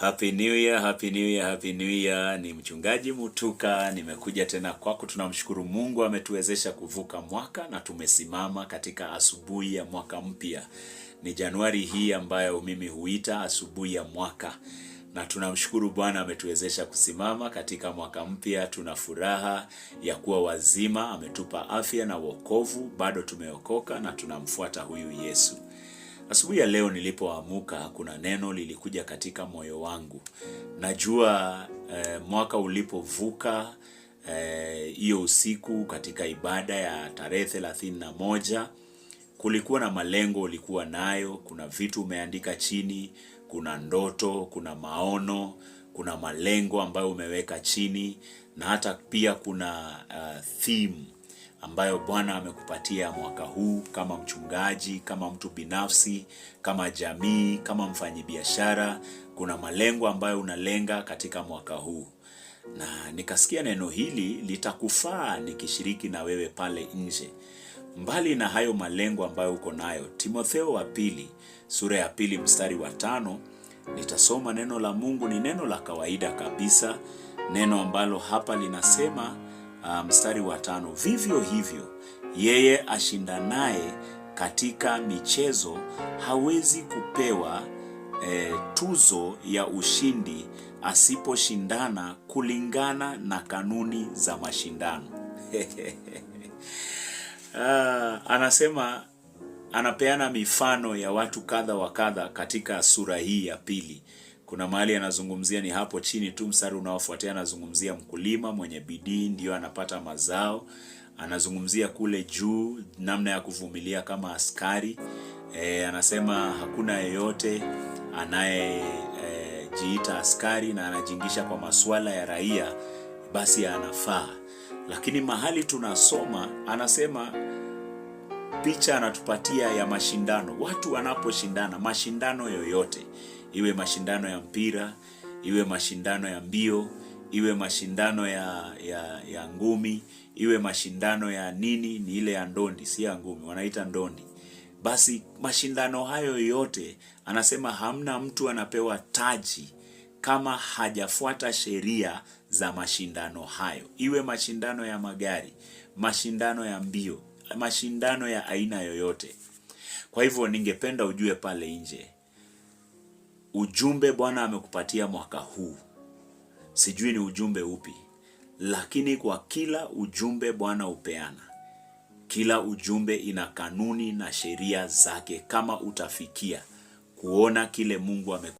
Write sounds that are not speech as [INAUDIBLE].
Happy New Year, Happy New Year, Happy New Year. Ni mchungaji Mutuka, nimekuja tena kwako. Tunamshukuru Mungu ametuwezesha kuvuka mwaka na tumesimama katika asubuhi ya mwaka mpya. Ni Januari hii ambayo mimi huita asubuhi ya mwaka, na tunamshukuru Bwana ametuwezesha kusimama katika mwaka mpya. Tuna furaha ya kuwa wazima, ametupa afya na wokovu, bado tumeokoka na tunamfuata huyu Yesu. Asubuhi ya leo nilipoamuka, kuna neno lilikuja katika moyo wangu. Najua eh, mwaka ulipovuka eh, hiyo eh, usiku katika ibada ya tarehe thelathini na moja kulikuwa na malengo ulikuwa nayo, kuna vitu umeandika chini, kuna ndoto, kuna maono, kuna malengo ambayo umeweka chini na hata pia kuna uh, theme ambayo Bwana amekupatia mwaka huu kama mchungaji, kama mtu binafsi, kama jamii, kama mfanyibiashara. Kuna malengo ambayo unalenga katika mwaka huu, na nikasikia neno hili litakufaa nikishiriki na wewe pale nje. Mbali na hayo malengo ambayo uko nayo, Timotheo wa pili sura ya pili mstari wa tano nitasoma neno la Mungu. Ni neno la kawaida kabisa, neno ambalo hapa linasema Ah, mstari wa tano, vivyo hivyo yeye ashindanaye katika michezo hawezi kupewa eh, tuzo ya ushindi asiposhindana kulingana na kanuni za mashindano. Uh, [LAUGHS] anasema anapeana mifano ya watu kadha wa kadha katika sura hii ya pili kuna mahali anazungumzia ni hapo chini tu, mstari unaofuatia anazungumzia mkulima mwenye bidii ndiyo anapata mazao. Anazungumzia kule juu namna ya kuvumilia kama askari. E, anasema hakuna yeyote anayejiita e, askari na anajingisha kwa masuala ya raia, basi anafaa. Lakini mahali tunasoma anasema picha anatupatia ya mashindano. Watu wanaposhindana, mashindano yoyote, iwe mashindano ya mpira, iwe mashindano ya mbio, iwe mashindano ya ya, ya ngumi, iwe mashindano ya nini, ni ile ya ndondi, si ya ngumi, wanaita ndondi. Basi mashindano hayo yote, anasema hamna mtu anapewa taji kama hajafuata sheria za mashindano hayo, iwe mashindano ya magari, mashindano ya mbio mashindano ya aina yoyote. Kwa hivyo ningependa ujue pale nje ujumbe Bwana amekupatia mwaka huu, sijui ni ujumbe upi, lakini kwa kila ujumbe Bwana upeana kila ujumbe ina kanuni na sheria zake, kama utafikia kuona kile Mungu ame